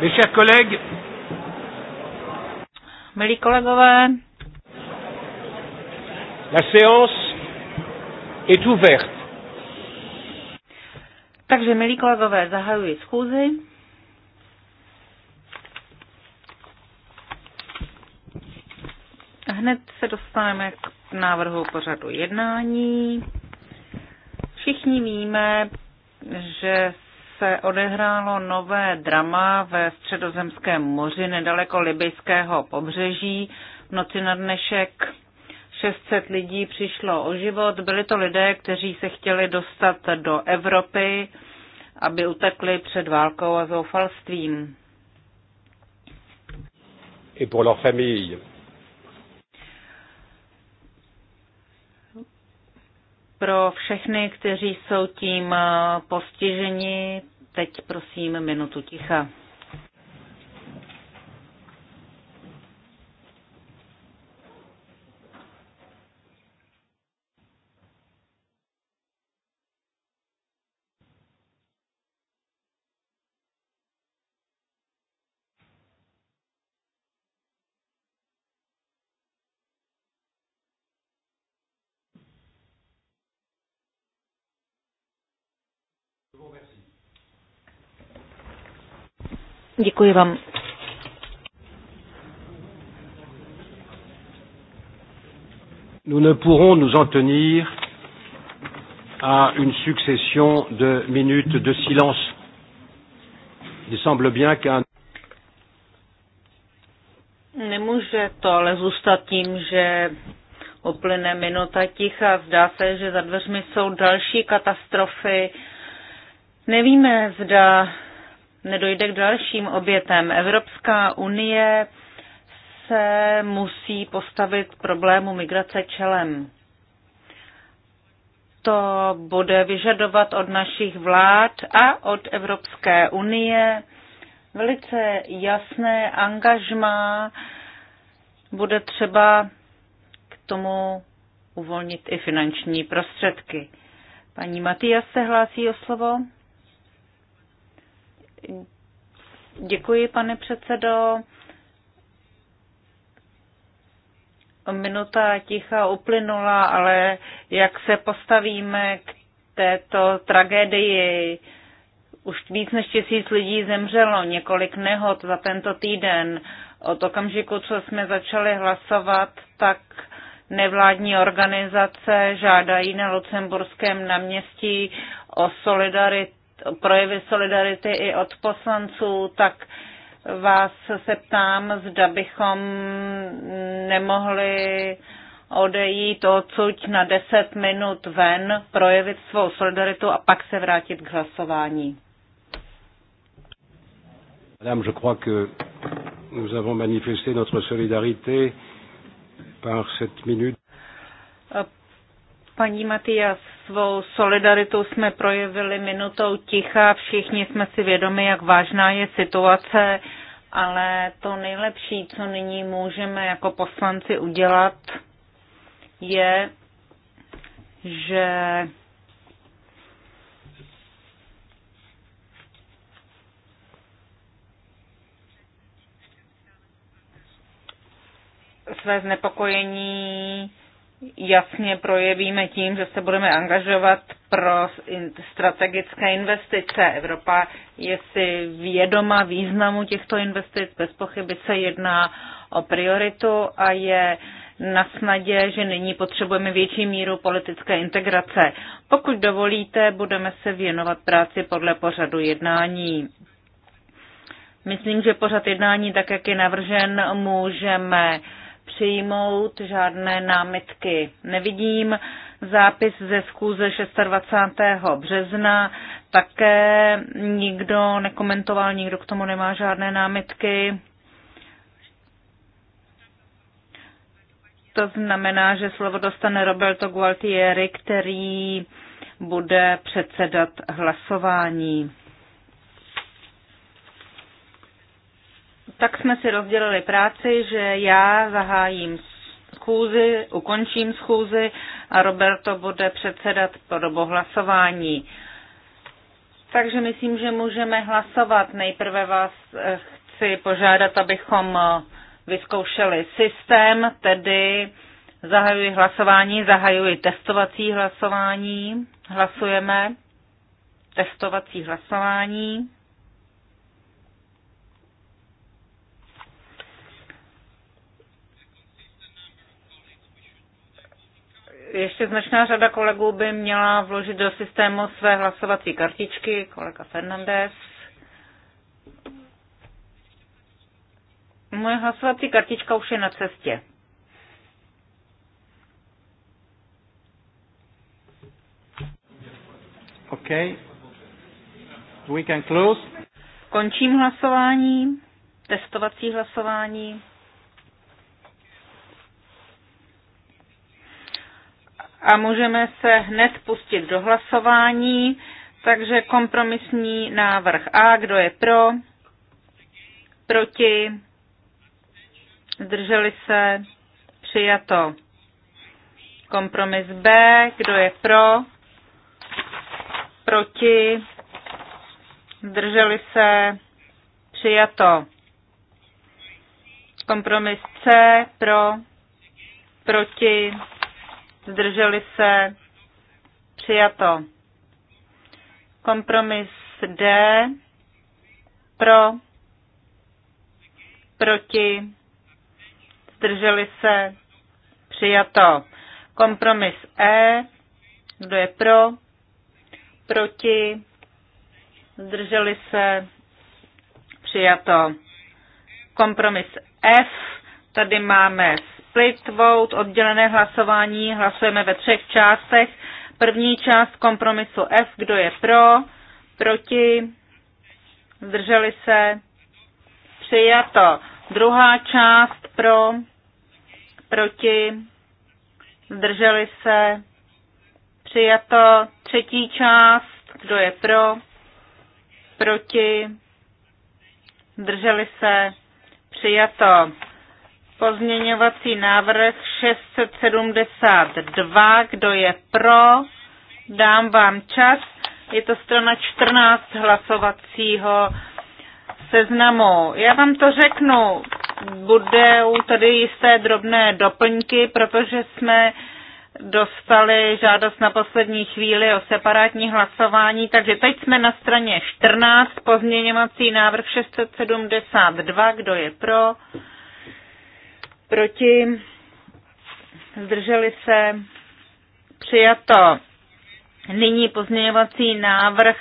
Mes chers collègues, Milí kolegové, la séance est ouverte. Takže, milí kolegové, zahajuji schůzi. Hned se dostaneme k návrhu pořadu jednání. Všichni víme, že se odehrálo nové drama ve středozemském moři nedaleko libyjského pobřeží. V noci na dnešek 600 lidí přišlo o život. Byli to lidé, kteří se chtěli dostat do Evropy, aby utekli před válkou a zoufalstvím. I pro leur famille. pro všechny, kteří jsou tím postiženi. Teď prosím minutu ticha. Děkuji vám. Nous ne pourrons nous en tenir à une succession de minutes de silence. Il semble bien qu'un Nemůže to ale zůstat tím, že uplyne minuta ticha. Zdá se, že za dveřmi jsou další katastrofy. Nevíme, zda nedojde k dalším obětem. Evropská unie se musí postavit problému migrace čelem. To bude vyžadovat od našich vlád a od Evropské unie velice jasné angažmá. Bude třeba k tomu uvolnit i finanční prostředky. Paní Matias se hlásí o slovo. Děkuji, pane předsedo. Minuta ticha uplynula, ale jak se postavíme k této tragédii? Už víc než tisíc lidí zemřelo, několik nehod za tento týden. Od okamžiku, co jsme začali hlasovat, tak nevládní organizace žádají na Lucemburském náměstí o solidaritu projevy solidarity i od poslanců, tak vás se ptám, zda bychom nemohli odejít odsuť na 10 minut ven, projevit svou solidaritu a pak se vrátit k hlasování. Madame, je crois que nous avons manifesté notre solidarité par cette minute. Paní Matias, svou solidaritu jsme projevili minutou ticha. Všichni jsme si vědomi, jak vážná je situace, ale to nejlepší, co nyní můžeme jako poslanci udělat, je, že své znepokojení jasně projevíme tím, že se budeme angažovat pro strategické investice. Evropa je si vědoma významu těchto investic, bez pochyby se jedná o prioritu a je na snadě, že nyní potřebujeme větší míru politické integrace. Pokud dovolíte, budeme se věnovat práci podle pořadu jednání. Myslím, že pořad jednání, tak jak je navržen, můžeme uh, přijmout, žádné námitky nevidím. Zápis ze schůze 26. března také nikdo nekomentoval, nikdo k tomu nemá žádné námitky. To znamená, že slovo dostane Roberto Gualtieri, který bude předsedat hlasování. tak jsme si rozdělili práci, že já zahájím schůzi, ukončím schůzi a Roberto bude předsedat po dobu hlasování. Takže myslím, že můžeme hlasovat. Nejprve vás eh, chci požádat, abychom eh, vyzkoušeli systém, tedy zahajuji hlasování, zahajuji testovací hlasování, hlasujeme testovací hlasování. ještě značná řada kolegů by měla vložit do systému své hlasovací kartičky, kolega Fernandez. Moje hlasovací kartička už je na cestě. OK. We can close. Končím hlasování, testovací hlasování. a můžeme se hned pustit do hlasování. Takže kompromisní návrh A, kdo je pro, proti, zdrželi se, přijato. Kompromis B, kdo je pro, proti, zdrželi se, přijato. Kompromis C, pro, proti, zdrželi se, přijato. Kompromis D, pro, proti, zdrželi se, přijato. Kompromis E, kdo je pro, proti, zdrželi se, přijato. Kompromis F, tady máme split vote, oddělené hlasování, hlasujeme ve třech částech. První část kompromisu F, kdo je pro, proti, zdrželi se, přijato. Druhá část pro, proti, zdrželi se, přijato. Třetí část, kdo je pro, proti, zdrželi se, přijato. Pozměňovací návrh 672. Kdo je pro? Dám vám čas. Je to strana 14 hlasovacího seznamu. Já vám to řeknu. Budou tady jisté drobné doplňky, protože jsme dostali žádost na poslední chvíli o separátní hlasování, takže teď jsme na straně 14, pozměňovací návrh 672, kdo je pro, proti, zdrželi se, přijato. Nyní pozměňovací návrh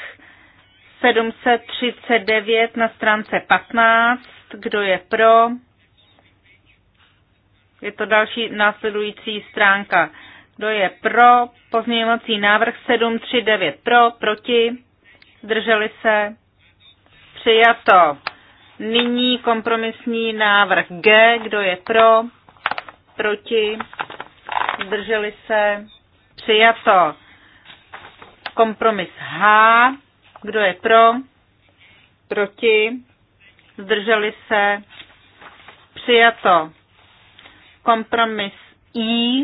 739 na stránce 15. Kdo je pro? Je to další následující stránka. Kdo je pro? Pozměňovací návrh 739 pro, proti, zdrželi se, přijato. Nyní kompromisní návrh G. Kdo je pro? Proti? Zdrželi se? Přijato. Kompromis H. Kdo je pro? Proti? Zdrželi se? Přijato. Kompromis I.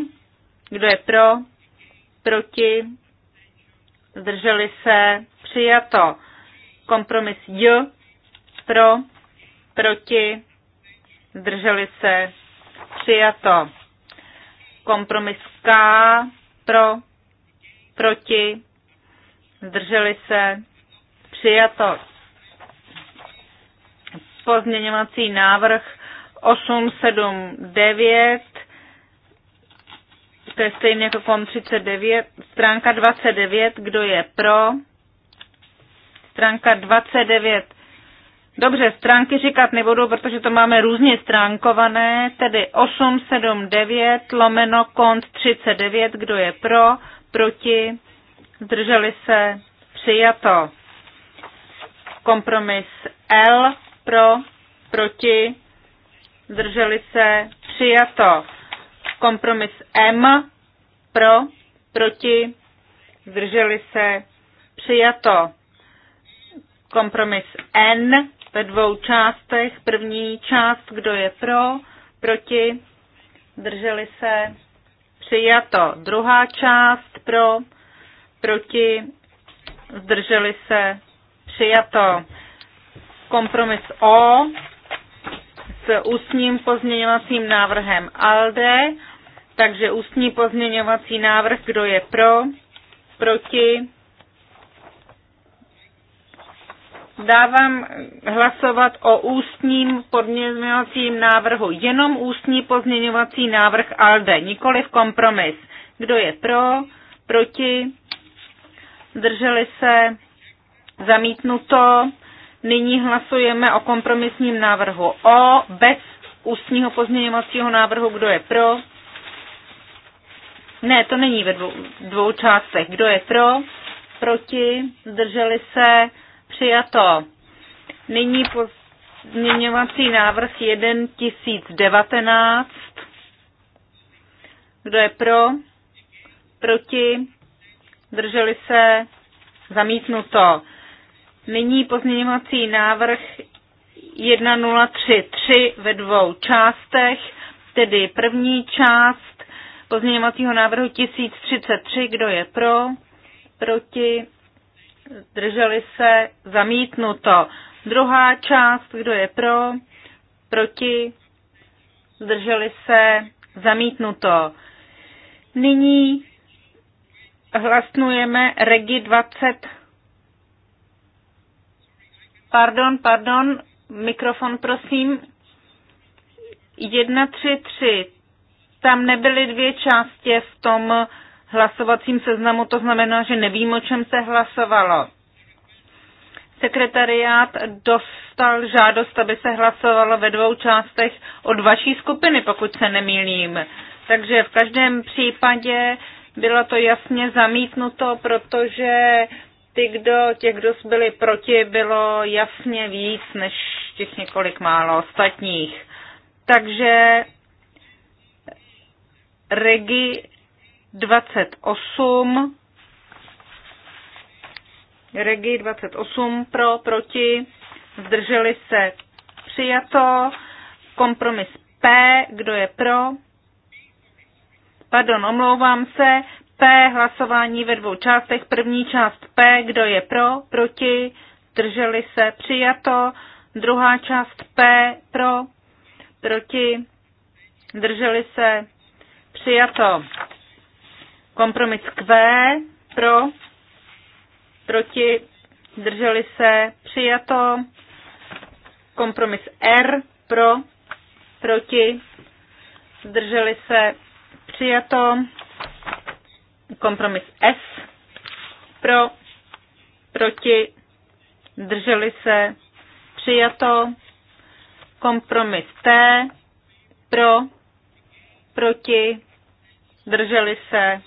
Kdo je pro? Proti? Zdrželi se? Přijato. Kompromis J. Pro? proti, zdrželi se, přijato. Kompromis K, pro, proti, zdrželi se, přijato. Pozměňovací návrh 879, to je stejně jako kom 39, stránka 29, kdo je pro, stránka 29 Dobře, stránky říkat nebudu, protože to máme různě stránkované, tedy 879 lomeno kont 39, kdo je pro, proti, zdrželi se, přijato. Kompromis L pro, proti, zdrželi se, přijato. Kompromis M pro, proti, zdrželi se, přijato. Kompromis N ve dvou částech. První část, kdo je pro, proti, drželi se, přijato. Druhá část pro, proti, zdrželi se, přijato. Kompromis O s ústním pozměňovacím návrhem ALDE, takže ústní pozměňovací návrh, kdo je pro, proti, dávám hlasovat o ústním pozměňovacím návrhu. Jenom ústní pozměňovací návrh ALDE, nikoli v kompromis. Kdo je pro, proti, zdrželi se, zamítnuto. Nyní hlasujeme o kompromisním návrhu O bez ústního pozměňovacího návrhu. Kdo je pro? Ne, to není ve dvou, dvou částech. Kdo je pro? Proti? Zdrželi se? Přijato. Nyní pozměňovací návrh 1019. Kdo je pro? Proti? Drželi se? Zamítnuto. Nyní pozměňovací návrh 1033 ve dvou částech, tedy první část pozměňovacího návrhu 1033, kdo je pro, proti, zdrželi se, zamítnuto. Druhá část, kdo je pro, proti, zdrželi se, zamítnuto. Nyní hlasnujeme Regi 20. Pardon, pardon, mikrofon prosím. 1, 3, 3. Tam nebyly dvě části v tom hlasovacím seznamu, to znamená, že nevím, o čem se hlasovalo. Sekretariát dostal žádost, aby se hlasovalo ve dvou částech od vaší skupiny, pokud se nemýlím. Takže v každém případě bylo to jasně zamítnuto, protože ty, kdo, těch, kdo byli proti, bylo jasně víc než těch několik málo ostatních. Takže Regi 28, Regi 28 pro, proti, zdrželi se přijato, kompromis P, kdo je pro, pardon, omlouvám se, P, hlasování ve dvou částech, první část P, kdo je pro, proti, zdrželi se přijato, druhá část P, pro, proti, zdrželi se přijato. Kompromis Q pro, proti, zdrželi se, přijato. Kompromis R pro, proti, zdrželi se, přijato. Kompromis S pro, proti, zdrželi se, přijato. Kompromis T pro, proti, zdrželi se,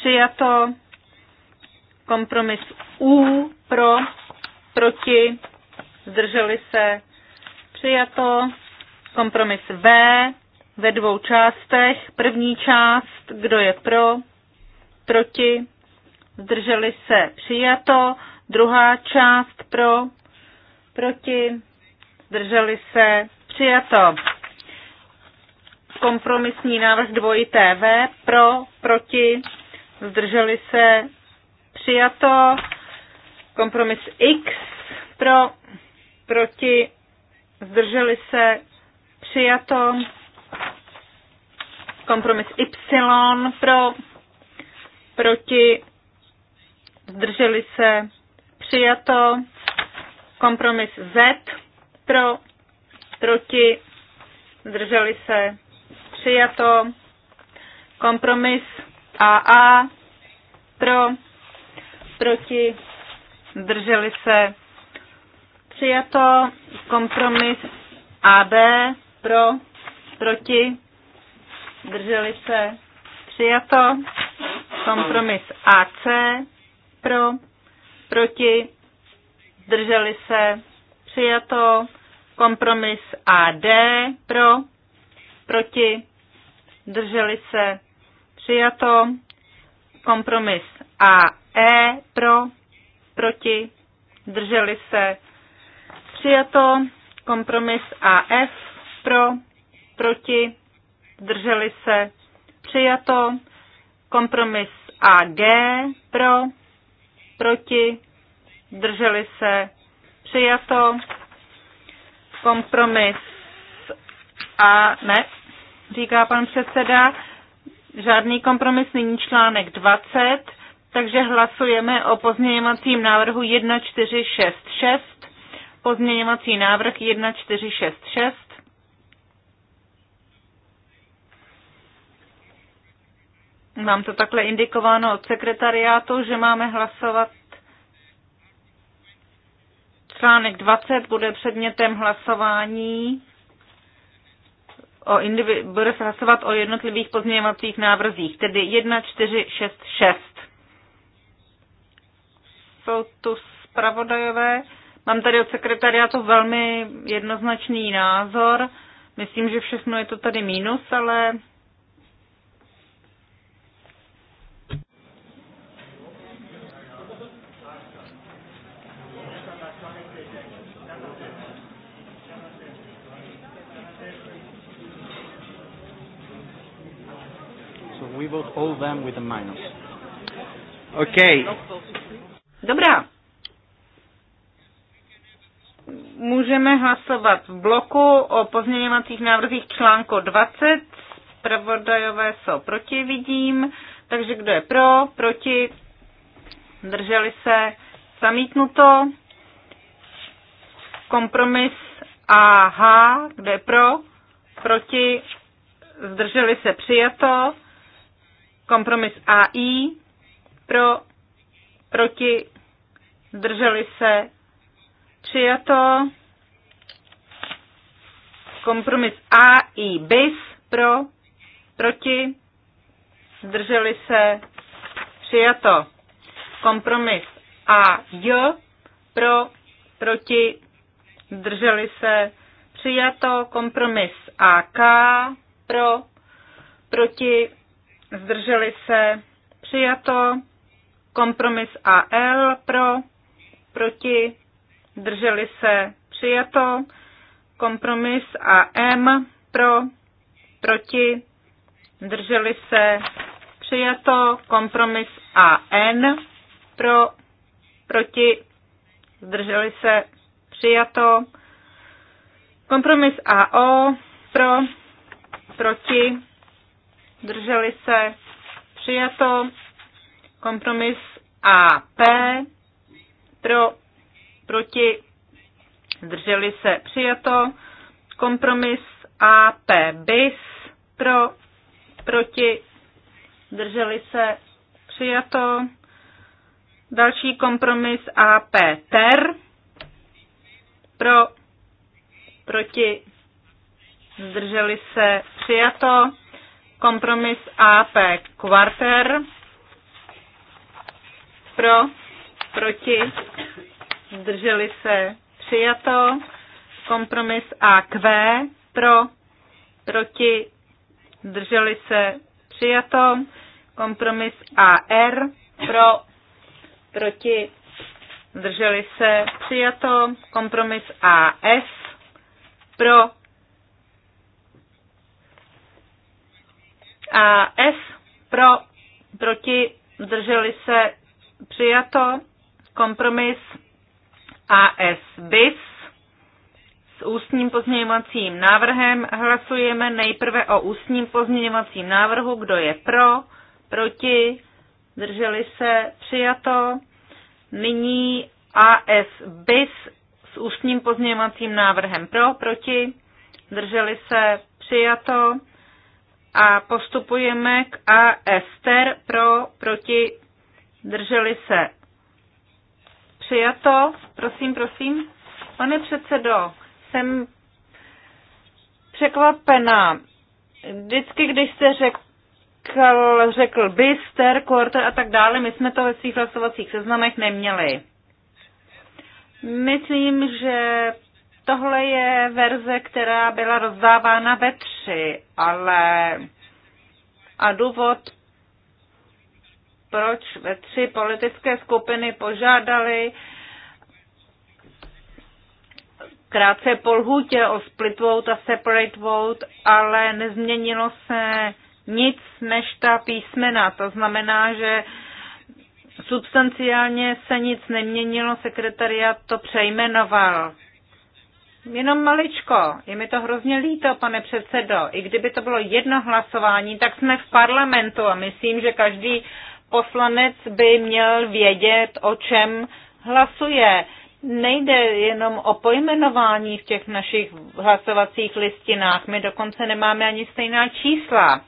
Přijato kompromis U pro, proti, zdrželi se. Přijato kompromis V ve dvou částech. První část, kdo je pro, proti, zdrželi se. Přijato. Druhá část pro, proti, zdrželi se. Přijato kompromisní návrh dvojité V pro, proti, zdrželi se, přijato. Kompromis X pro, proti, zdrželi se, přijato. Kompromis Y pro, proti, zdrželi se, přijato. Kompromis Z pro, proti, zdrželi se, přijato. Kompromis AA pro, proti, zdrželi se, přijato, kompromis AB pro, proti, zdrželi se, přijato, kompromis AC pro, proti, zdrželi se, přijato, kompromis AD pro, proti, drželi se, Přijato. Kompromis A, E pro, proti, drželi se. Přijato. Kompromis A, F pro, proti, drželi se. Přijato. Kompromis A, G pro, proti, drželi se. Přijato. Kompromis a ne, říká pan předseda. Žádný kompromis není článek 20, takže hlasujeme o pozměňovacím návrhu 1466. Pozměňovací návrh 1466. Mám to takhle indikováno od sekretariátu, že máme hlasovat článek 20 bude předmětem hlasování o indivi- bude se hlasovat o jednotlivých pozměňovacích návrzích, tedy 1, 4, 6, 6. Jsou tu zpravodajové. Mám tady od sekretariátu velmi jednoznačný názor. Myslím, že všechno je to tady mínus, ale all them with a minus. Okay. Dobrá. Můžeme hlasovat v bloku o pozměňovacích návrzích článku 20. Zpravodajové jsou proti, vidím. Takže kdo je pro, proti, drželi se, zamítnuto. Kompromis AH, kde je pro, proti, zdrželi se, přijato. Kompromis AI pro, proti, zdrželi se, přijato. Kompromis AI bis pro, proti, zdrželi se, přijato. Kompromis AJ pro, proti, zdrželi se, přijato. Kompromis AK pro, proti, zdrželi se, přijato, kompromis AL pro, proti, zdrželi se, přijato, kompromis AM pro, proti, zdrželi se, přijato, kompromis AN pro, proti, zdrželi se, přijato, kompromis AO pro, proti, Drželi se? Přijato. Kompromis AP. Pro, proti. Zdrželi se? Přijato. Kompromis AP bis. Pro, proti. Zdrželi se? Přijato. Další kompromis AP ter. Pro, proti. Zdrželi se? Přijato Kompromis AP kvarter. Pro, proti, zdrželi se, přijato. Kompromis AQ pro, proti, zdrželi se, přijato. Kompromis AR pro, proti, zdrželi se, přijato. Kompromis AS pro, A S pro, proti, drželi se, přijato, kompromis AS BIS s ústním pozměňovacím návrhem. Hlasujeme nejprve o ústním pozměňovacím návrhu, kdo je pro, proti, drželi se, přijato. Nyní AS BIS s ústním pozměňovacím návrhem pro, proti, drželi se, přijato a postupujeme k A Ester pro, proti, drželi se. Přijato, prosím, prosím. Pane předsedo, jsem překvapená. Vždycky, když jste řekl, řekl byster, quarter a tak dále, my jsme to ve svých hlasovacích seznamech neměli. Myslím, že Tohle je verze, která byla rozdávána ve tři, ale a důvod, proč ve tři politické skupiny požádali krátce po lhůtě o split vote a separate vote, ale nezměnilo se nic než ta písmena. To znamená, že substanciálně se nic neměnilo, sekretariat to přejmenoval. Jenom maličko. Je mi to hrozně líto, pane předsedo. I kdyby to bylo jedno hlasování, tak jsme v parlamentu a myslím, že každý poslanec by měl vědět, o čem hlasuje. Nejde jenom o pojmenování v těch našich hlasovacích listinách. My dokonce nemáme ani stejná čísla.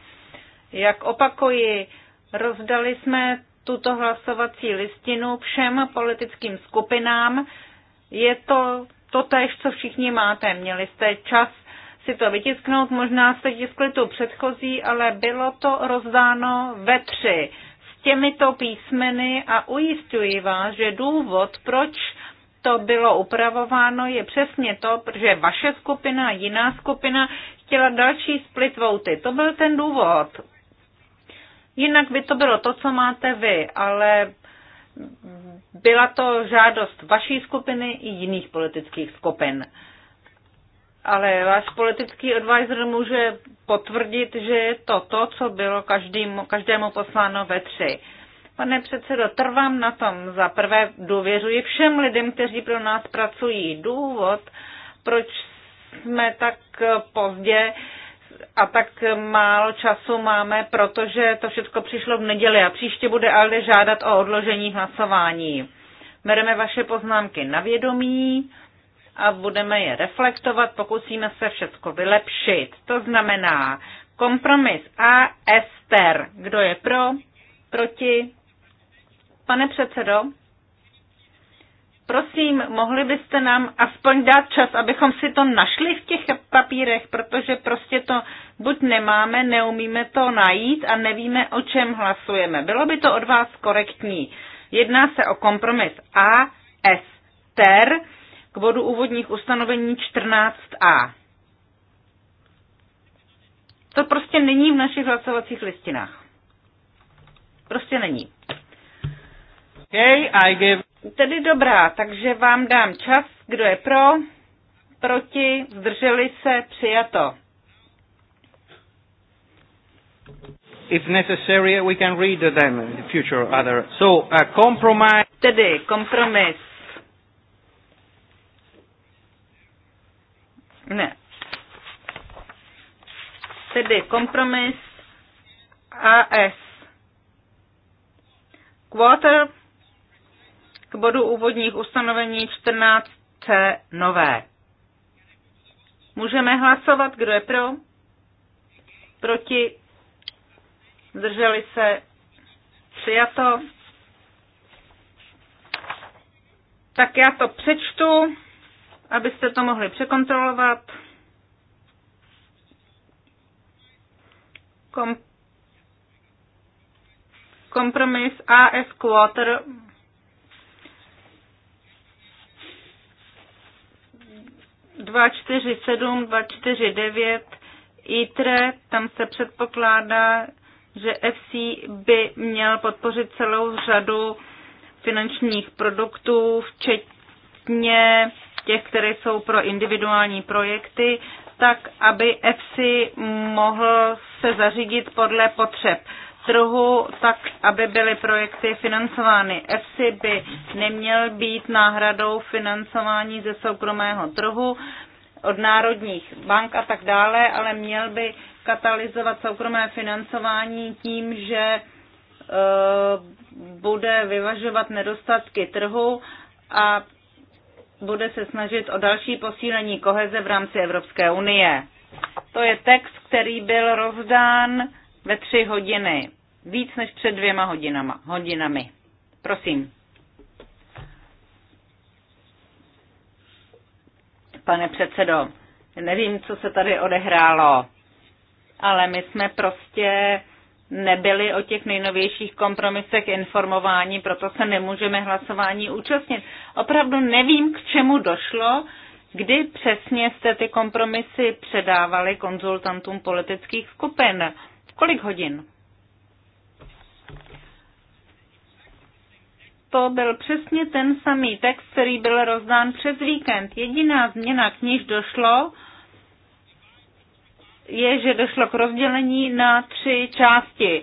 Jak opakuji, rozdali jsme tuto hlasovací listinu všem politickým skupinám. Je to to tež, co všichni máte. Měli jste čas si to vytisknout, možná jste tiskli tu předchozí, ale bylo to rozdáno ve tři s těmito písmeny a ujistuji vás, že důvod, proč to bylo upravováno, je přesně to, že vaše skupina, jiná skupina chtěla další split vouty. To byl ten důvod. Jinak by to bylo to, co máte vy, ale byla to žádost vaší skupiny i jiných politických skupin. Ale váš politický advisor může potvrdit, že je to to, co bylo každému, každému posláno ve tři. Pane předsedo, trvám na tom. Za prvé důvěřuji všem lidem, kteří pro nás pracují. Důvod, proč jsme tak pozdě, a tak málo času máme, protože to všechno přišlo v neděli a příště bude ale žádat o odložení hlasování. Bereme vaše poznámky na vědomí a budeme je reflektovat, pokusíme se všechno vylepšit. To znamená kompromis A, Ester. Kdo je pro? Proti? Pane předsedo, Prosím, mohli byste nám aspoň dát čas, abychom si to našli v těch papírech, protože prostě to buď nemáme, neumíme to najít a nevíme, o čem hlasujeme. Bylo by to od vás korektní. Jedná se o kompromis A, S, ter k bodu úvodních ustanovení 14a. To prostě není v našich hlasovacích listinách. Prostě není. Okay, I give... Tedy dobrá, takže vám dám čas, kdo je pro, proti, zdrželi se, přijato. If necessary, we can read them in the future other. So, a compromise. Tedy kompromis. Ne. Tedy kompromis AS. Quarter k bodu úvodních ustanovení 14c nové. Můžeme hlasovat, kdo je pro, proti, zdrželi se, přijato. Tak já to přečtu, abyste to mohli překontrolovat. Kom- kompromis AS Quarter 247, 249, ITRE, tam se předpokládá, že FC by měl podpořit celou řadu finančních produktů, včetně těch, které jsou pro individuální projekty, tak aby FC mohl se zařídit podle potřeb trhu, tak aby byly projekty financovány. EFSI by neměl být náhradou financování ze soukromého trhu od národních bank a tak dále, ale měl by katalyzovat soukromé financování tím, že e, bude vyvažovat nedostatky trhu a bude se snažit o další posílení koheze v rámci Evropské unie. To je text, který byl rozdán ve tři hodiny. Víc než před dvěma hodinama, hodinami. Prosím. Pane předsedo, nevím, co se tady odehrálo, ale my jsme prostě nebyli o těch nejnovějších kompromisech informováni, proto se nemůžeme hlasování účastnit. Opravdu nevím, k čemu došlo, kdy přesně jste ty kompromisy předávali konzultantům politických skupin. Kolik hodin? To byl přesně ten samý text, který byl rozdán přes víkend. Jediná změna, k níž došlo, je, že došlo k rozdělení na tři části.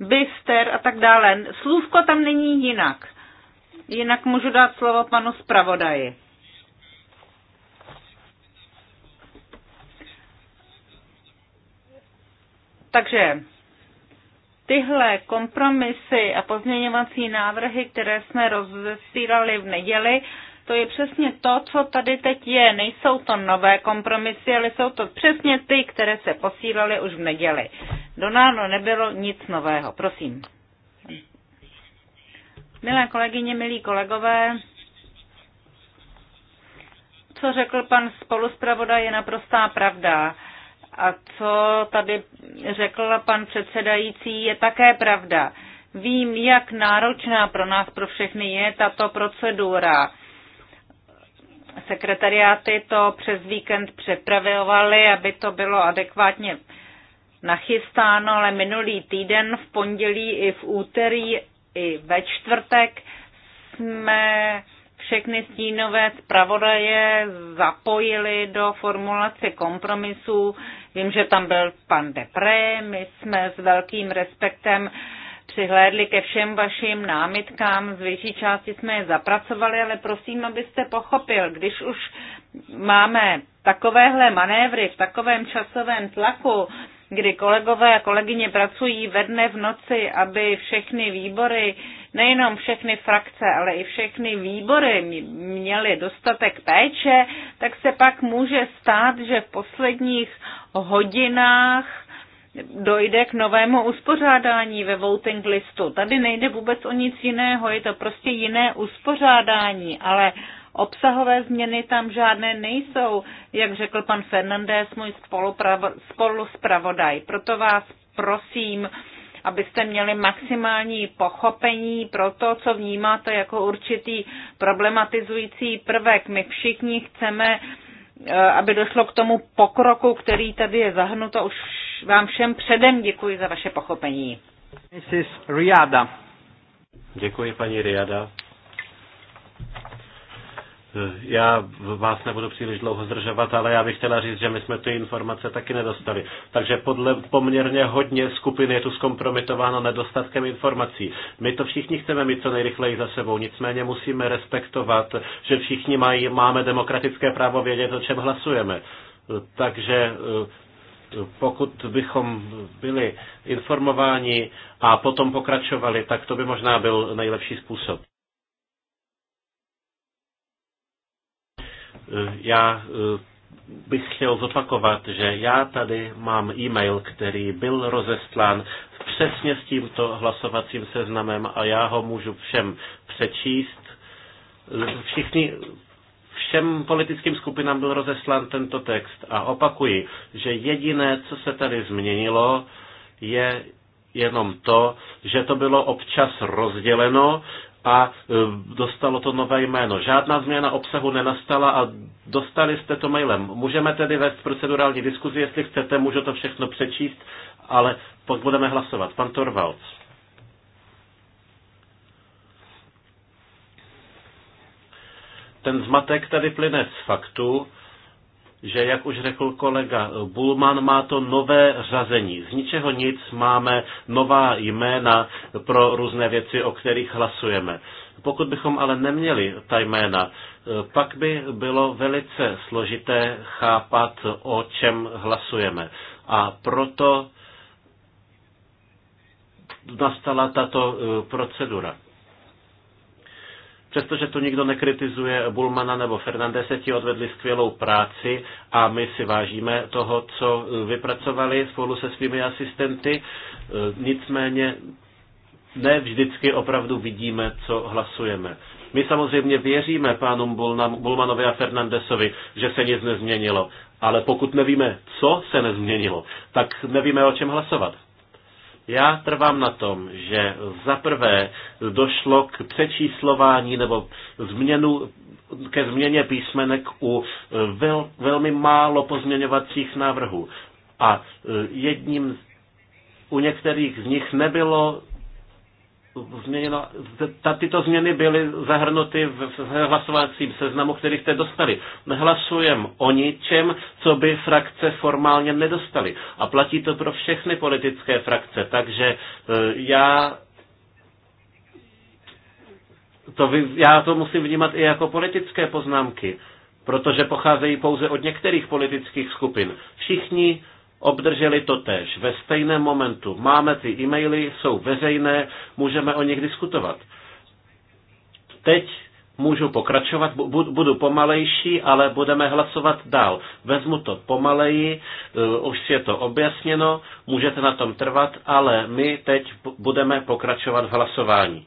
Byster a tak dále. Slůvko tam není jinak. Jinak můžu dát slovo panu zpravodaji. Takže tyhle kompromisy a pozměňovací návrhy, které jsme rozesílali v neděli, to je přesně to, co tady teď je. Nejsou to nové kompromisy, ale jsou to přesně ty, které se posílaly už v neděli. Do náno nebylo nic nového. Prosím. Milé kolegyně, milí kolegové, co řekl pan spoluspravodaj, je naprostá pravda. A co tady řekl pan předsedající, je také pravda. Vím, jak náročná pro nás, pro všechny je tato procedura. Sekretariáty to přes víkend přepravovaly, aby to bylo adekvátně nachystáno, ale minulý týden v pondělí i v úterý i ve čtvrtek jsme všechny stínové zpravodaje zapojili do formulace kompromisů, Vím, že tam byl pan Depré, my jsme s velkým respektem přihlédli ke všem vašim námitkám, z větší části jsme je zapracovali, ale prosím, abyste pochopil, když už máme takovéhle manévry v takovém časovém tlaku, kdy kolegové a kolegyně pracují ve dne v noci, aby všechny výbory uh, nejenom všechny frakce, ale i všechny výbory měly dostatek péče, tak se pak může stát, že v posledních hodinách dojde k novému uspořádání ve voting listu. Tady nejde vůbec o nic jiného, je to prostě jiné uspořádání, ale obsahové změny tam žádné nejsou, jak řekl pan Fernandez, můj spolu spravodaj. Proto vás prosím, abyste měli maximální pochopení pro to, co vnímáte jako určitý problematizující prvek. My všichni chceme, eh, aby došlo k tomu pokroku, který tady je zahnuto. Už vám všem předem děkuji za vaše pochopení. Mrs. Riada. Děkuji, paní Riada. Já vás nebudu příliš dlouho zdržovat, ale já bych chtěla říct, že my jsme ty informace taky nedostali. Takže podle poměrně hodně skupin je tu zkompromitováno nedostatkem informací. My to všichni chceme mít co nejrychleji za sebou, nicméně musíme respektovat, že všichni mají, máme demokratické právo vědět, o čem hlasujeme. Takže eh, pokud bychom byli informováni a potom pokračovali, tak to by možná byl nejlepší způsob. Já eh, bych chtěl zopakovat, že já tady mám e-mail, který byl rozeslán přesně s tímto hlasovacím seznamem a já ho můžu všem přečíst. Všichni, všem politickým skupinám byl rozeslán tento text a opakuji, že jediné, co se tady změnilo, je jenom to, že to bylo občas rozděleno a e, dostalo to nové jméno. Žádná změna obsahu nenastala a dostali jste to mailem. Můžeme tedy vést procedurální diskuzi, jestli chcete, můžu to všechno přečíst, ale pak budeme hlasovat. Pan Torvalds. Ten zmatek tady plyne z faktu, že, jak už řekl kolega Bulman, má to nové řazení. Z ničeho nic máme nová jména pro různé věci, o kterých hlasujeme. Pokud bychom ale neměli ta jména, pak by bylo velice složité chápat, o čem hlasujeme. A proto nastala tato eh, procedura. Přestože tu nikdo nekritizuje Bulmana nebo Fernandese, ti odvedli skvělou práci a my si vážíme toho, co vypracovali spolu se svými asistenty. E, nicméně ne vždycky opravdu vidíme, co hlasujeme. My samozřejmě věříme pánům Bulmanovi a Fernandesovi, že se nic nezměnilo. Ale pokud nevíme, co se nezměnilo, tak nevíme, o čem hlasovat. Já trvám na tom, že za prvé došlo k přečíslování nebo změnu, ke změně písmenek u e, vel, velmi málo pozměňovacích návrhů. A e, jedním u některých z nich nebylo změněno, ta, tyto změny byly zahrnuty v, v hlasovacím seznamu, který jste dostali. Nehlasujeme o ničem, co by frakce formálně nedostali. A platí to pro všechny politické frakce, takže e, já to, já to musím vnímat i jako politické poznámky, protože pocházejí pouze od některých politických skupin. Všichni obdrželi to tež ve stejném momentu. Máme ty e-maily, jsou veřejné, můžeme o nich diskutovat. Teď můžu pokračovat, budu pomalejší, ale budeme hlasovat dál. Vezmu to pomaleji, e, už je to objasněno, můžete na tom trvat, ale my teď budeme pokračovat v hlasování.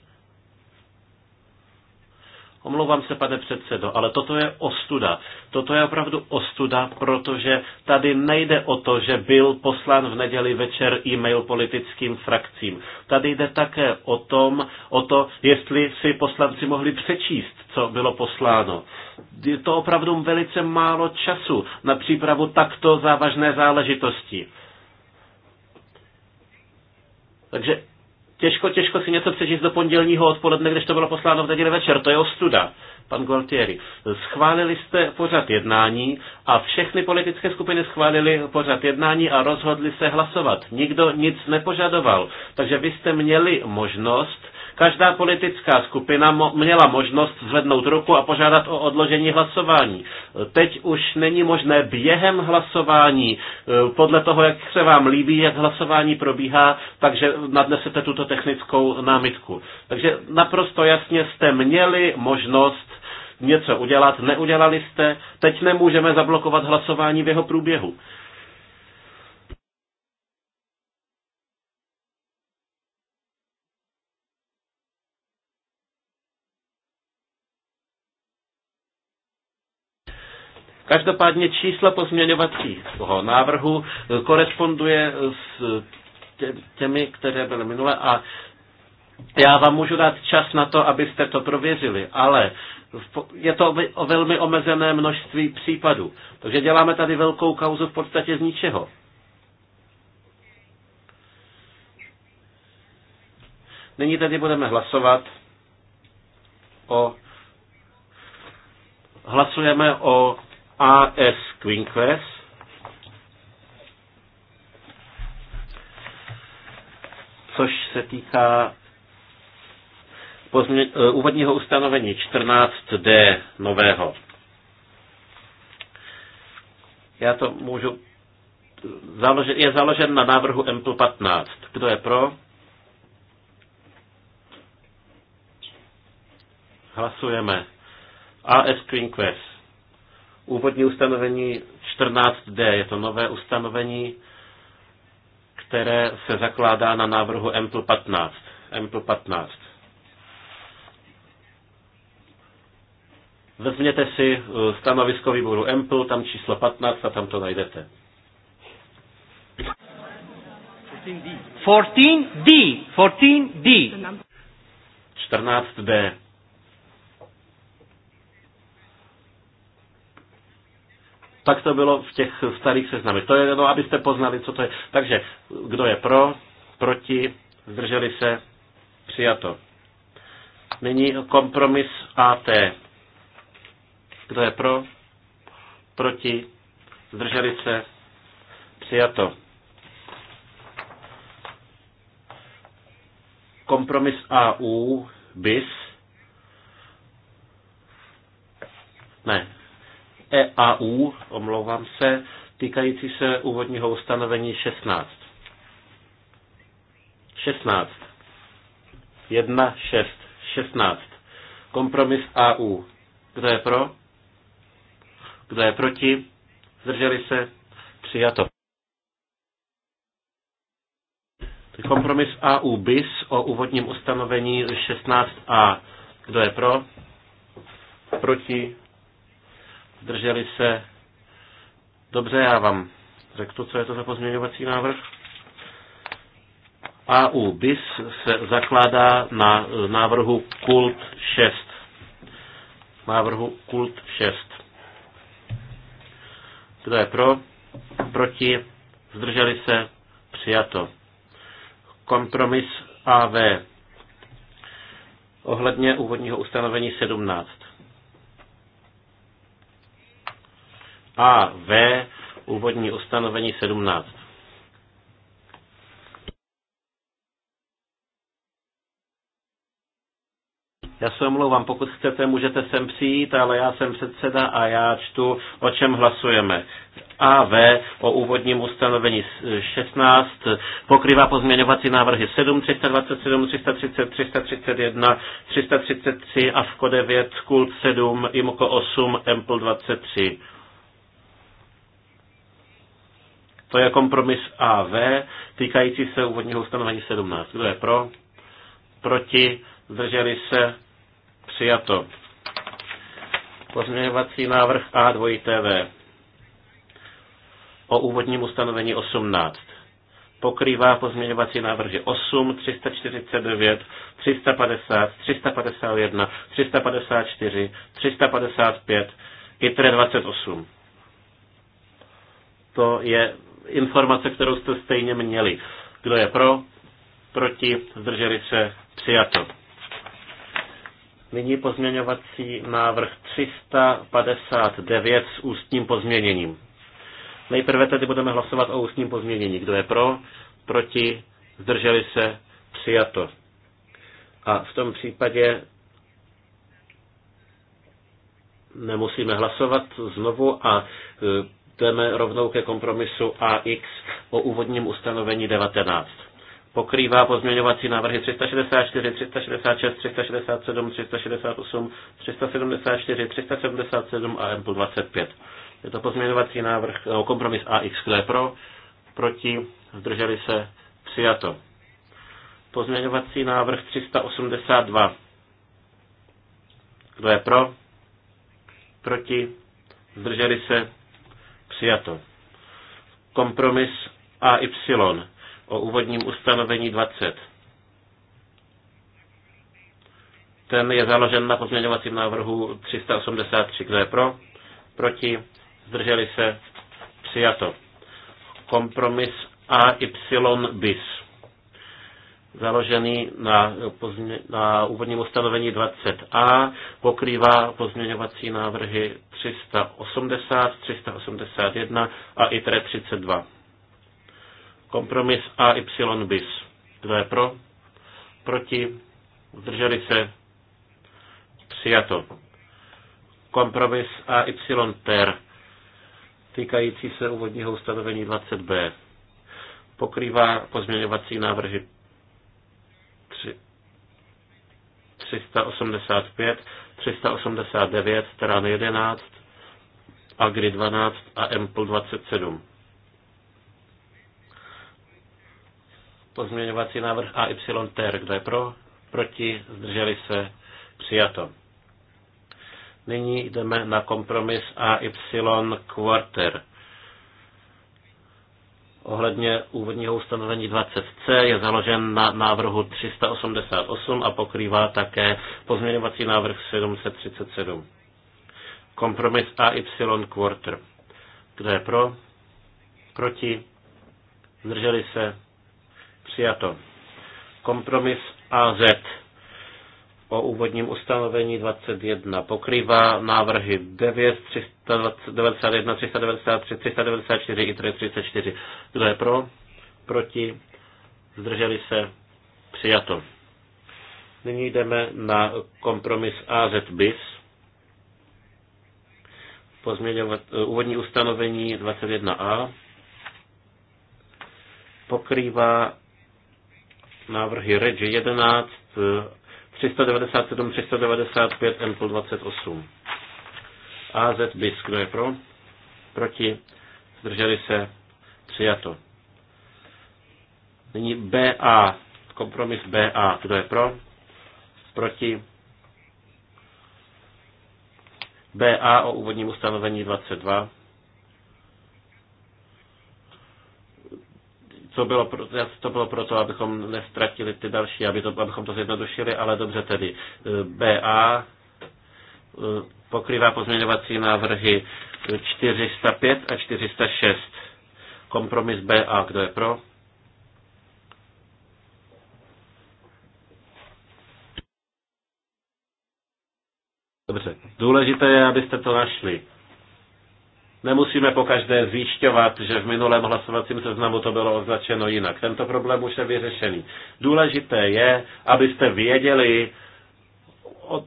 Omlouvám se, pane předsedo, ale toto je ostuda. Toto je opravdu ostuda, protože tady nejde o to, že byl poslán v neděli večer e-mail politickým frakcím. Tady jde také o, tom, o to, jestli si poslanci mohli přečíst, co bylo posláno. Je to opravdu velice málo času na přípravu takto závažné záležitosti. Takže těžko, těžko si něco přečíst do pondělního odpoledne, když to bylo posláno v neděli večer. To je ostuda, pan Gualtieri. Schválili jste pořad jednání a všechny politické skupiny schválili pořad jednání a rozhodli se hlasovat. Nikdo nic nepožadoval. Takže vy jste měli možnost Každá politická skupina mo- měla možnost zvednout ruku a požádat o odložení hlasování. Teď už není možné během hlasování, e, podle toho, jak se vám líbí, jak hlasování probíhá, takže nadnesete tuto technickou námitku. Takže naprosto jasně jste měli možnost něco udělat, neudělali jste, teď nemůžeme zablokovat hlasování v jeho průběhu. Každopádně čísla pozměňovacího návrhu eh, koresponduje eh, s eh, těmi, které byly minule a já vám můžu dát čas na to, abyste to prověřili, ale je to o velmi omezené množství případů. Takže děláme tady velkou kauzu v podstatě z ničeho. Nyní tedy budeme hlasovat o hlasujeme o AS Quinques. což se týká pozmě, eh, úvodního ustanovení 14d nového. Já to můžu založen, je založen na návrhu MPL 15. Kdo je pro? Hlasujeme. AS Queen Quest. Úvodní ustanovení 14d je to nové ustanovení, které se zakládá na návrhu MPL 15. MPL 15. Vezměte si eh, stanovisko výboru MPL, tam číslo 15 a tam to najdete. 14D. 14D. 14D. 14D. Tak to bylo v těch starých seznamech. To je jenom, abyste poznali, co to je. Takže kdo je pro, proti, zdrželi se, přijato. Nyní kompromis AT. Kdo je pro, proti, zdrželi se, přijato. Kompromis AU bis. Ne, EAU, omlouvám se, týkající se úvodního ustanovení 16. 16. 1, 6, 16. Kompromis AU. Kdo je pro? Kdo je proti? Zdrželi se? Přijato. Kompromis AU bis o úvodním ustanovení 16a. Kdo je pro? Proti? Zdrželi se? Dobře, já vám řeknu, co je to za pozměňovací návrh. AU BIS se zakládá na návrhu KULT 6. Návrhu KULT 6. Kdo je pro? Proti? Zdrželi se? Přijato. Kompromis AV. Ohledně úvodního ustanovení 17. A V úvodní ustanovení 17. Já se omlouvám, pokud chcete, můžete sem přijít, ale já jsem předseda a já čtu, o čem hlasujeme. AV o úvodním ustanovení 16 pokrývá pozměňovací návrhy 7, 327, 330, 331, 333, a v kode 9, KULT 7, IMKO 8, EMPL 23. To je kompromis AV, týkající se úvodního ustanovení 17. Kdo je pro? Proti? Zdrželi se? Přijato. Pozměňovací návrh A TV o úvodním ustanovení 18. Pokrývá pozměňovací návrhy 8, 349, 350, 351, 354, 355, ITRE 28. To je informace, kterou jste stejně měli. Kdo je pro? Proti? Zdrželi se? Přijato. Nyní pozměňovací návrh 359 s ústním pozměněním. Nejprve tedy budeme hlasovat o ústním pozměnění. Kdo je pro? Proti? Zdrželi se? Přijato. A v tom případě nemusíme hlasovat znovu a e, jdeme rovnou ke kompromisu AX o úvodním ustanovení 19. Pokrývá pozměňovací návrhy 364, 366, 367, 368, 374, 377 a m 25. Je to pozměňovací návrh o eh, kompromis AX, kdo je pro, proti, zdrželi se, přijato. Pozměňovací návrh 382. Kdo je pro? Proti? Zdrželi se? Přijato. Kompromis AY o úvodním ustanovení 20. Ten je založen na pozměňovacím návrhu 383. Kdo je pro? Proti? Zdrželi se? Přijato. Kompromis AY bis založený na, pozmě, na úvodním ustanovení 20a, pokrývá pozměňovací návrhy 380, 381 a ITRE 32. Kompromis Y bis. Kdo je pro? Proti? Zdrželi se? Přijato. Kompromis Y ter týkající se úvodního ustanovení 20b. Pokrývá pozměňovací návrhy 385, 389, stran 11, Agri 12 a Ample 27. Pozměňovací návrh AYTR, kdo je pro, proti, zdrželi se, přijato. Nyní jdeme na kompromis AY Quarter ohledně úvodního ustanovení 20c je založen na návrhu 388 a pokrývá také pozměňovací návrh 737. Kompromis AY quarter. Kdo je pro? Proti? Zdrželi se? Přijato. Kompromis AZ o úvodním ustanovení 21 pokrývá návrhy 9, 391, 393, 394 i 334. Kdo je pro? Proti? Zdrželi se? Přijato. Nyní jdeme na kompromis AZ BIS. Pozměňovat, eh, úvodní ustanovení 21a pokrývá návrhy REG 11, 397, 395, M 28. AZ BIS, kdo je pro? Proti? Zdrželi se? Přijato. Nyní BA, kompromis BA, kdo je pro? Proti? BA o úvodním ustanovení 22. co bylo pro, to bylo proto, abychom nestratili ty další, aby to, abychom to zjednodušili, ale dobře tedy. E, BA e, pokrývá pozměňovací návrhy 405 a 406. Kompromis BA, kdo je pro? Dobře. Důležité je, abyste to našli. Nemusíme každé zjišťovat, že v minulém hlasovacím seznamu to bylo označeno jinak. Tento problém už je vyřešený. Důležité je, abyste věděli,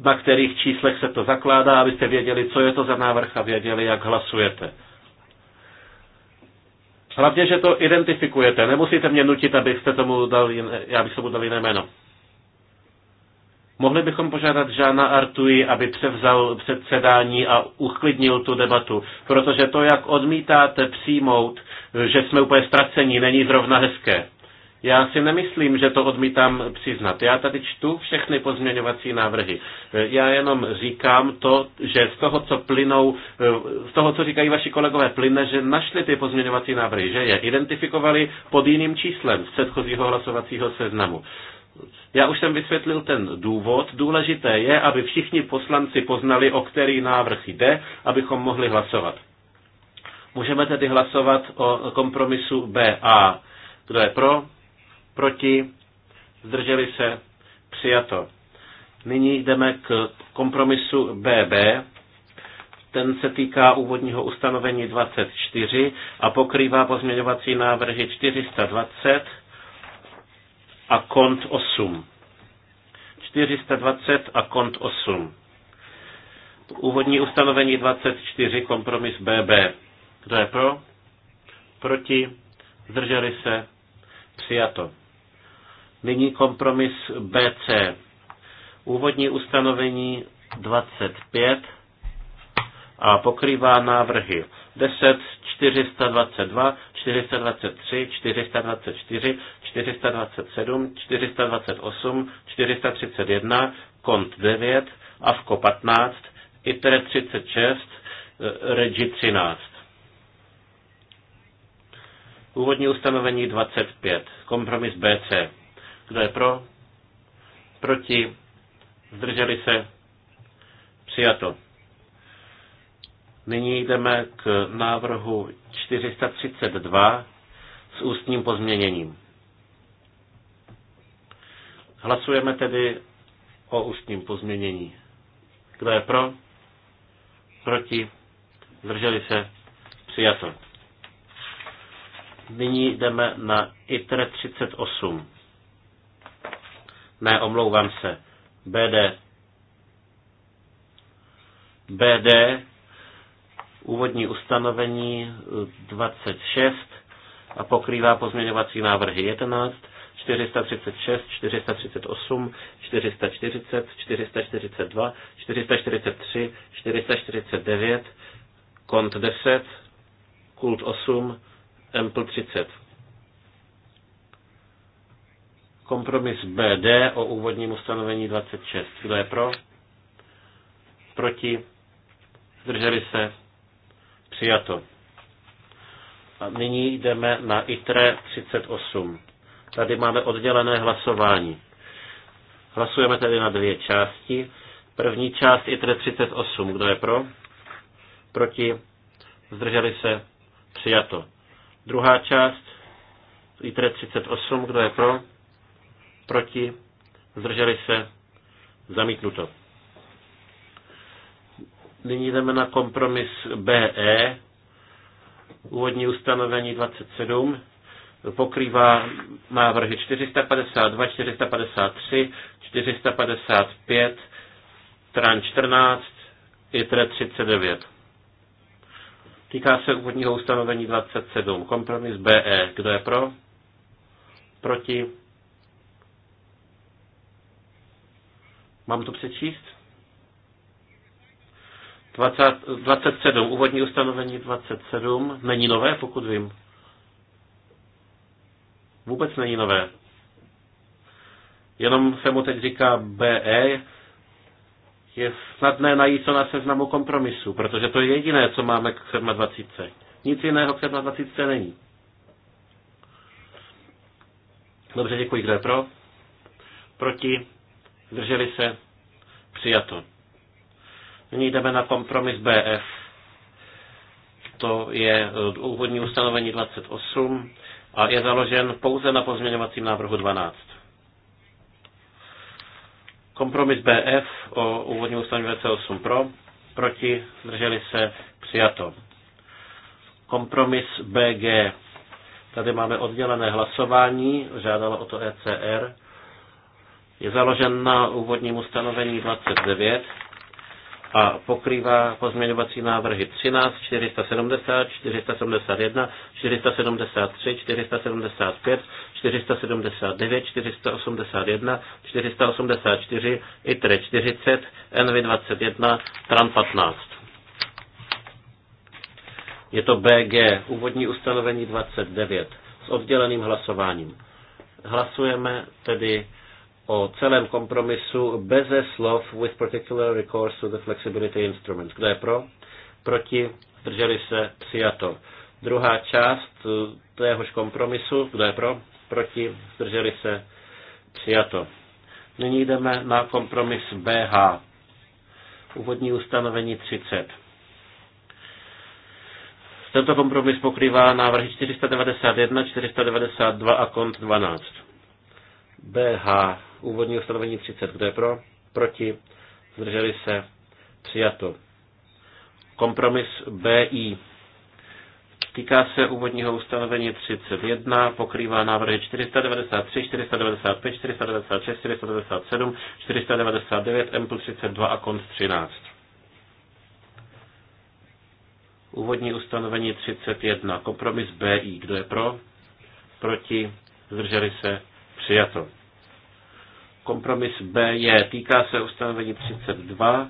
na kterých číslech se to zakládá, abyste věděli, co je to za návrh a věděli, jak hlasujete. Hlavně, že to identifikujete. Nemusíte mě nutit, abyste tomu dal jiné, já bych tomu dal jiné jméno. Mohli bychom požádat Žána Artui, aby převzal předsedání a uklidnil tu debatu, protože to, jak odmítáte přijmout, že jsme úplně ztracení, není zrovna hezké. Já si nemyslím, že to odmítám přiznat. Já tady čtu všechny pozměňovací návrhy. Já jenom říkám to, že z toho, co plynou, z toho, co říkají vaši kolegové, plyne, že našli ty pozměňovací návrhy, že je identifikovali pod jiným číslem z předchozího hlasovacího seznamu. Já už jsem vysvětlil ten důvod. Důležité je, aby všichni poslanci poznali, o který návrh jde, abychom mohli hlasovat. Můžeme tedy hlasovat o kompromisu BA. Kdo je pro? Proti? Zdrželi se? Přijato. Nyní jdeme k kompromisu BB. Ten se týká úvodního ustanovení 24 a pokrývá pozměňovací návrhy 420, a kont 8. 420 a kont 8. Úvodní ustanovení 24, kompromis BB. Kdo je pro? Proti? Zdrželi se? Přijato. Nyní kompromis BC. Úvodní ustanovení 25 a pokrývá návrhy 10, 422, 423, 424, 427, 428, 431, kont 9, avko 15, ITER 36, regi 13. Úvodní ustanovení 25. Kompromis BC. Kdo je pro? Proti? Zdrželi se? Přijato. Nyní jdeme k návrhu 432 s ústním pozměněním. Hlasujeme tedy o ústním pozměnění. Kdo je pro? Proti? Zdrželi se? Přijato. Nyní jdeme na ITR 38. Ne, omlouvám se. BD. BD úvodní ustanovení 26 eh, a pokrývá pozměňovací návrhy 11, 436, 438, 440, 442, 443, 449, kont 10, kult 8, empl 30. Kompromis BD o úvodním ustanovení 26. Kdo je pro? Proti? Zdrželi se? Přijato. A nyní jdeme na ITRE 38. Tady máme oddělené hlasování. Hlasujeme tedy na dvě části. První část ITRE 38. Kdo je pro? Proti? Zdrželi se? Přijato. Druhá část ITRE 38. Kdo je pro? Proti? Zdrželi se? Zamítnuto. Nyní jdeme na kompromis BE, úvodní ustanovení 27 pokrývá návrhy 452, 453, 455, tran 14, ITRE 39. Týká se úvodního ustanovení 27. Kompromis BE. Kdo je pro? Proti? Mám to přečíst? 20, 27, úvodní ustanovení 27, není nové, pokud vím. Vůbec není nové. Jenom se mu teď říká BE, je snadné najít to na seznamu kompromisu, protože to je jediné, co máme k 27. Nic jiného k 27 není. Dobře, děkuji. Kdo je pro? Proti? Zdrželi se? Přijato. Nyní jdeme na kompromis BF. To je e, úvodní ustanovení 28 a je založen pouze na pozměňovacím návrhu 12. Kompromis BF o úvodní ustanovení 28 pro, proti, zdrželi se, přijato. Kompromis BG. Tady máme oddělené hlasování, žádalo o to ECR. Je založen na úvodním ustanovení 29 a pokrývá pozměňovací návrhy 13, 470, 471, 473, 475, 479, 481, 484, ITRE 40, NV 21, TRAN 15. Je to BG, úvodní ustanovení 29 s odděleným hlasováním. Hlasujeme tedy o celém kompromisu beze slov with particular recourse to the flexibility instrument. Kdo je pro? Proti? Zdrželi se? Přijato. Druhá část eh, téhož kompromisu. Kdo je pro? Proti? Zdrželi se? Přijato. Nyní jdeme na kompromis BH. Úvodní ustanovení 30. Tento kompromis pokrývá návrhy 491, 492 a kont 12. BH Úvodní ustanovení 30. Kdo je pro? Proti? Zdrželi se? Přijato. Kompromis BI. Týká se úvodního ustanovení 31, pokrývá návrhy 493, 495, 496, 497, 499, M 32 a konc 13. Úvodní ustanovení 31, kompromis BI. Kdo je pro? Proti? Zdrželi se? Přijato. Kompromis B je, týká se ustanovení 32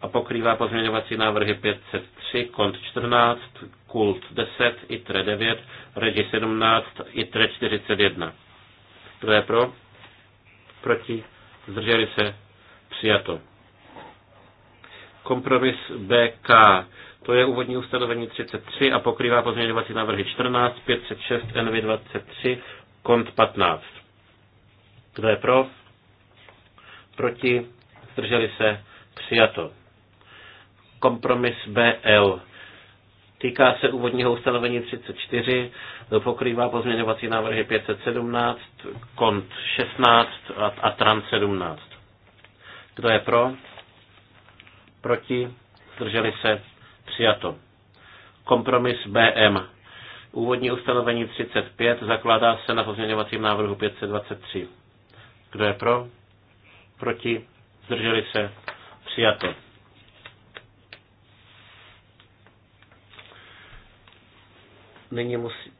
a pokrývá pozměňovací návrhy 503, kont 14, kult 10, itre 9, regi 17, itre 41. Kdo je pro? Proti? Zdrželi se? Přijato. Kompromis BK. To je úvodní ustanovení 33 a pokrývá pozměňovací návrhy 14, 506, NV 23, kont 15. Kdo je pro? Proti? Zdrželi se? Přijato. Kompromis BL. Týká se úvodního ustanovení 34, pokrývá pozměňovací návrhy 517, kont 16 a, a tran 17. Kdo je pro? Proti? Zdrželi se? Přijato. Kompromis BM. Úvodní ustanovení 35 zakládá se na pozměňovacím návrhu 523. Kdo je pro? Proti? Zdrželi se? Přijato. Nyní musí...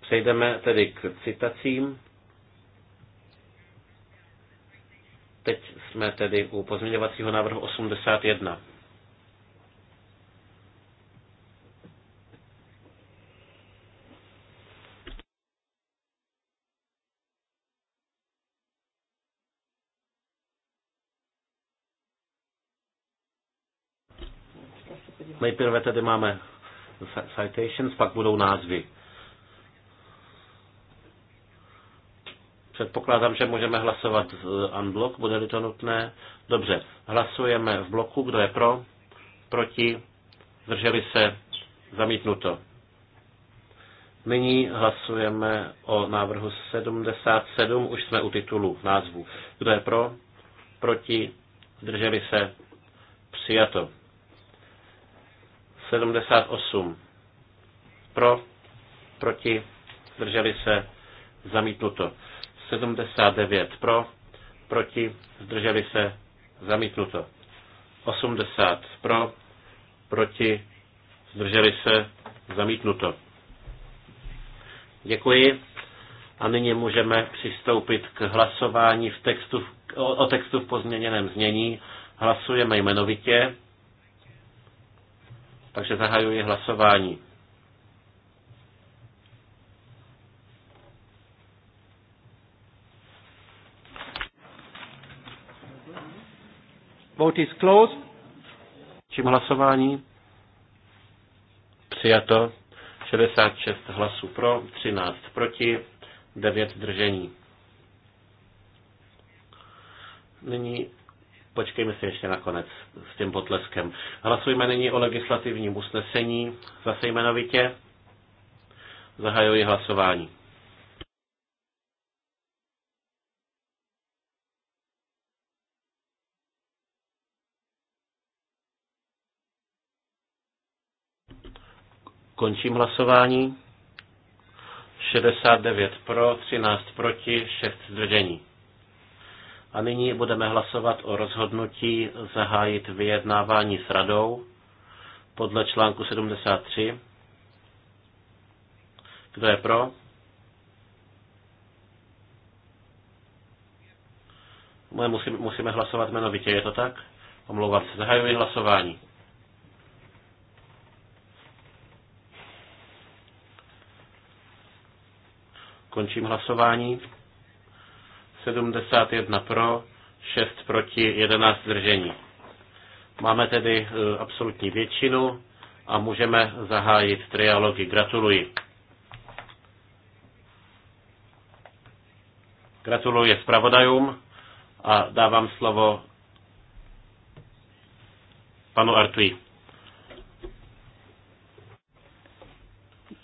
Přejdeme tedy k citacím. Teď jsme tedy u pozměňovacího návrhu 81. Nejprve tedy máme citations, pak budou názvy. Předpokládám, že můžeme hlasovat unblock, eh, bude-li to nutné. Dobře, hlasujeme v bloku, kdo je pro, proti, zdrželi se, zamítnuto. Nyní hlasujeme o návrhu 77, už jsme u titulu názvu. Kdo je pro, proti, zdrželi se, přijato. 78. Pro, proti, zdrželi se, zamítnuto. 79 pro, proti, zdrželi se, zamítnuto. 80 pro, proti, zdrželi se, zamítnuto. Děkuji. A nyní můžeme přistoupit k hlasování v textu, o, textu v pozměněném znění. Hlasujeme jmenovitě. Takže zahajuji hlasování. Vote is closed. Čím hlasování? Přijato 66 hlasů pro, 13 proti, 9 držení. Nyní Počkejme si ještě nakonec s tím potleskem. Hlasujme nyní o legislativním usnesení, zase jmenovitě. Zahajuji hlasování. Končím hlasování. 69 pro, 13 proti, 6 zdržení. A nyní budeme hlasovat o rozhodnutí zahájit vyjednávání s radou podle článku 73. Kdo je pro? Musíme, musíme hlasovat jmenovitě, je to tak? Omlouvám se, zahajuji hlasování. Končím hlasování. 71 pro, 6 proti, 11 zdržení. Máme tedy e, absolutní většinu a můžeme zahájit trialogy. Gratuluji. Gratuluji zpravodajům a dávám slovo panu Artui.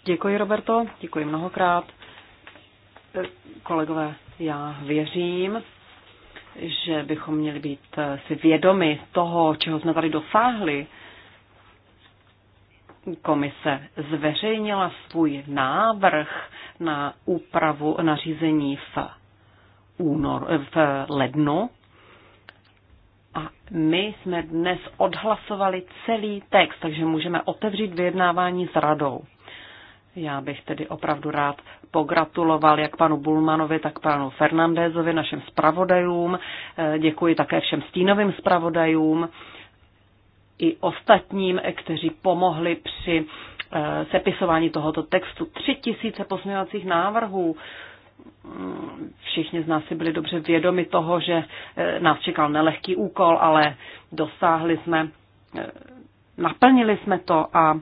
Děkuji, Roberto. Děkuji mnohokrát. E, kolegové, já věřím, že bychom měli být eh, si vědomi toho, čeho jsme tady dosáhli. Komise zveřejnila svůj návrh na úpravu nařízení v, únor, eh, v lednu a my jsme dnes odhlasovali celý text, takže můžeme otevřít vyjednávání s radou. Já bych tedy opravdu rád pogratuloval jak panu Bulmanovi, tak panu Fernandézovi, našim zpravodajům. E, děkuji také všem stínovým zpravodajům i ostatním, kteří pomohli při e, sepisování tohoto textu. Tři tisíce posměvacích návrhů. Všichni z nás si byli dobře vědomi toho, že e, nás čekal nelehký úkol, ale dosáhli jsme, naplnili jsme to a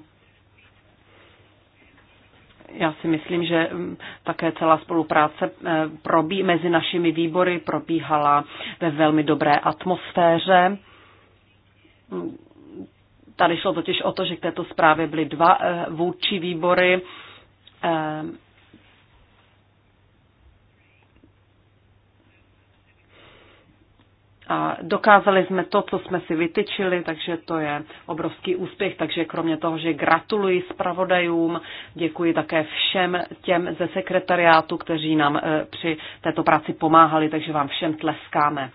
já si myslím, že mm, také celá spolupráce eh, probí, mezi našimi výbory probíhala ve velmi dobré atmosféře. Tady šlo totiž o to, že k této zprávě byly dva eh, vůdčí výbory, eh, a dokázali jsme to, co jsme si vytyčili, takže to je obrovský úspěch. Takže kromě toho, že gratuluji zpravodajům, děkuji také všem těm ze sekretariátu, kteří nám eh, při této práci pomáhali, takže vám všem tleskáme.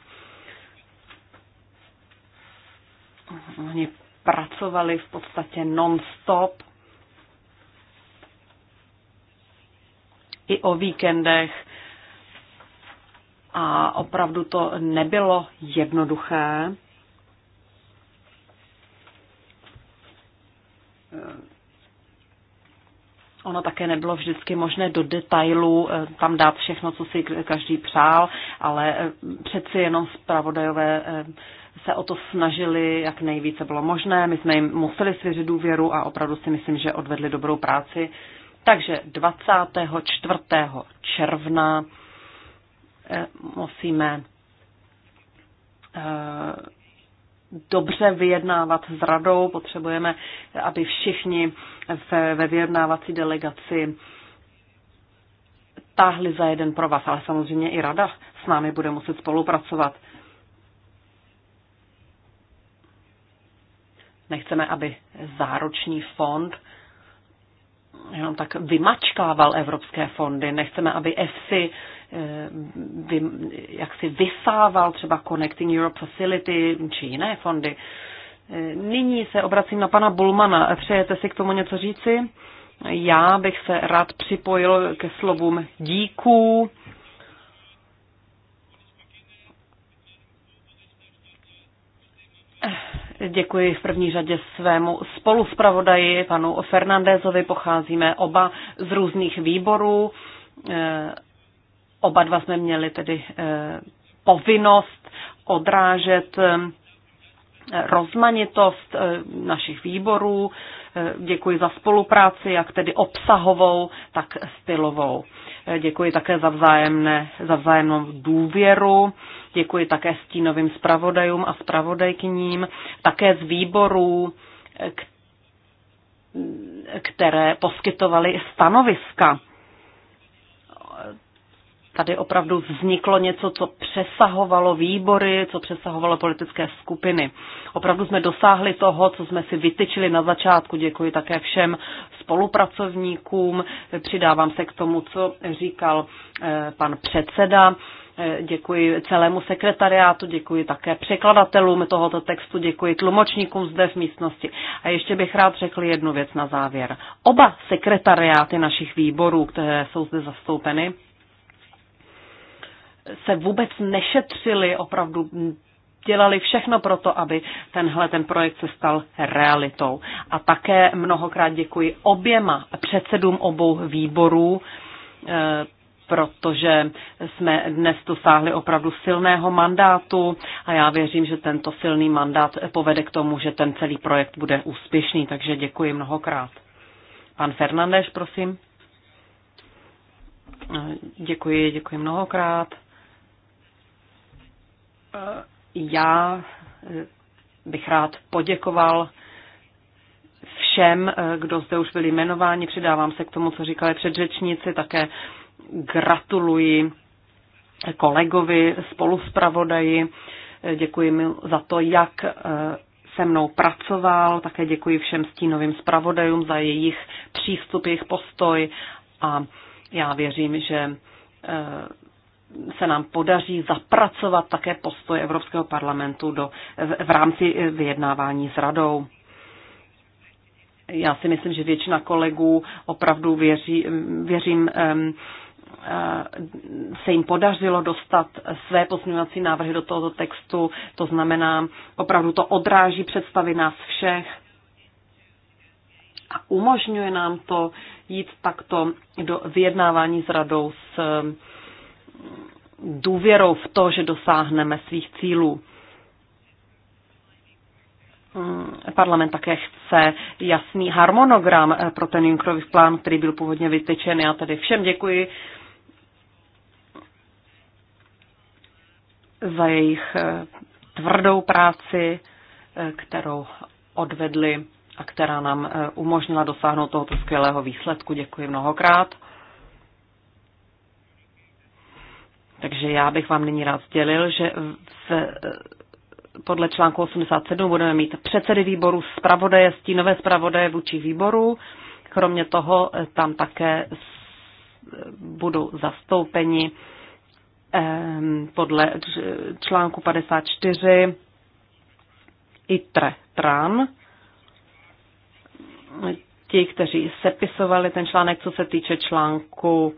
Oni pracovali v podstatě non-stop. I o víkendech a opravdu to nebylo jednoduché. Ono také nebylo vždycky možné do detailů eh, tam dát všechno, co si každý přál, ale eh, přeci jenom zpravodajové eh, se o to snažili, jak nejvíce bylo možné. My jsme jim museli svěřit důvěru a opravdu si myslím, že odvedli dobrou práci. Takže 24. června Eh, musíme eh, dobře vyjednávat s radou, potřebujeme, aby všichni ve, vyjednávací delegaci táhli za jeden pro vás, ale samozřejmě i rada s námi bude muset spolupracovat. Nechceme, aby záruční fond jenom tak vymačkával evropské fondy. Nechceme, aby EFSI Eh, vy, jak si vysával třeba Connecting Europe Facility či jiné fondy. Eh, nyní se obracím na pana Bulmana. Přejete si k tomu něco říci? Já bych se rád připojil ke slovům díků. Děkuji v první řadě svému spoluspravodaji, panu Fernandézovi. Pocházíme oba z různých výborů. Eh, Oba dva jsme měli tedy eh, povinnost odrážet eh, rozmanitost eh, našich výborů. Děkuji za spolupráci, jak tedy obsahovou, tak stylovou. Děkuji také za, vzájemné, za vzájemnou důvěru. Děkuji také stínovým zpravodajům a zpravodajkyním, také z výborů, které poskytovaly stanoviska tady opravdu vzniklo něco, co přesahovalo výbory, co přesahovalo politické skupiny. Opravdu jsme dosáhli toho, co jsme si vytyčili na začátku. Děkuji také všem spolupracovníkům. Přidávám se k tomu, co říkal eh, pan předseda. Eh, děkuji celému sekretariátu, děkuji také překladatelům tohoto textu, děkuji tlumočníkům zde v místnosti. A ještě bych rád řekl jednu věc na závěr. Oba sekretariáty našich výborů, které jsou zde zastoupeny, se vůbec nešetřili, opravdu dělali všechno pro to, aby tenhle ten projekt se stal realitou. A také mnohokrát děkuji oběma předsedům obou výborů, eh, protože jsme dnes dosáhli opravdu silného mandátu a já věřím, že tento silný mandát povede k tomu, že ten celý projekt bude úspěšný, takže děkuji mnohokrát. Pan Fernandeš, prosím. Děkuji, děkuji mnohokrát já bych rád poděkoval všem, kdo zde už byli jmenováni. Přidávám se k tomu, co říkali předřečníci. Také gratuluji kolegovi, spoluspravodaji. Děkuji mi za to, jak eh, se mnou pracoval. Také děkuji všem stínovým spravodajům za jejich přístup, jejich postoj a já věřím, že eh, se nám podaří zapracovat také postoj Evropského parlamentu do, v, v rámci vyjednávání s radou. Já si myslím, že většina kolegů opravdu věří, věřím, eh, se jim podařilo dostat své pozměňovací návrhy do tohoto textu. To znamená, opravdu to odráží představy nás všech a umožňuje nám to jít takto do vyjednávání s radou s důvěrou v to, že dosáhneme svých cílů. Mm, Parlament také chce jasný harmonogram eh, pro ten Junckerův plán, který byl původně vytečen. Já tedy všem děkuji za jejich eh, tvrdou práci, eh, kterou odvedli a která nám umožnila dosáhnout tohoto skvělého výsledku. Děkuji mnohokrát. Takže já bych vám nyní rád sdělil, že v, podle článku 87 budeme mít předsedy výboru, zpravodaje, stínové zpravodaje vůči výboru. Kromě toho eh, tam také budou zastoupeni ehm, podle článku 54 ITRE TRAN. Ti, kteří sepisovali ten článek, co se týče článku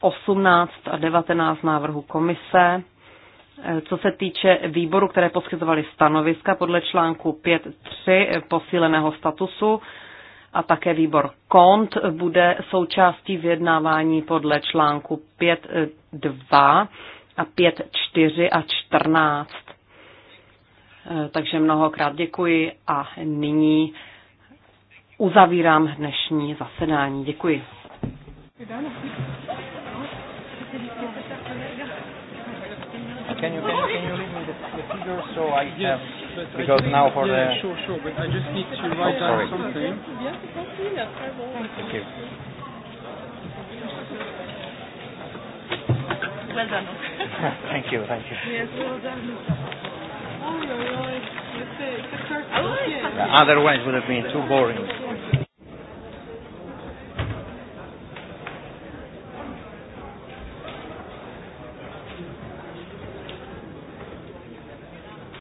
18 a 19 návrhu komise. Eh, co se týče výboru, které poskytovaly stanoviska podle článku 5.3 posíleného statusu, a také výbor KONT bude součástí vyjednávání podle článku 5.2 a 5.4 a 14. Eh, takže mnohokrát děkuji a nyní uzavírám dnešní zasedání. Děkuji. Can you can you, can you read me the, the figures so I yes, have because I now for yeah, the sure sure but I just need to oh, write oh, down sorry. something. Thank you. Well done. thank you, thank you. Yes, well done. Oh, no, yeah. Otherwise, it would have been too boring.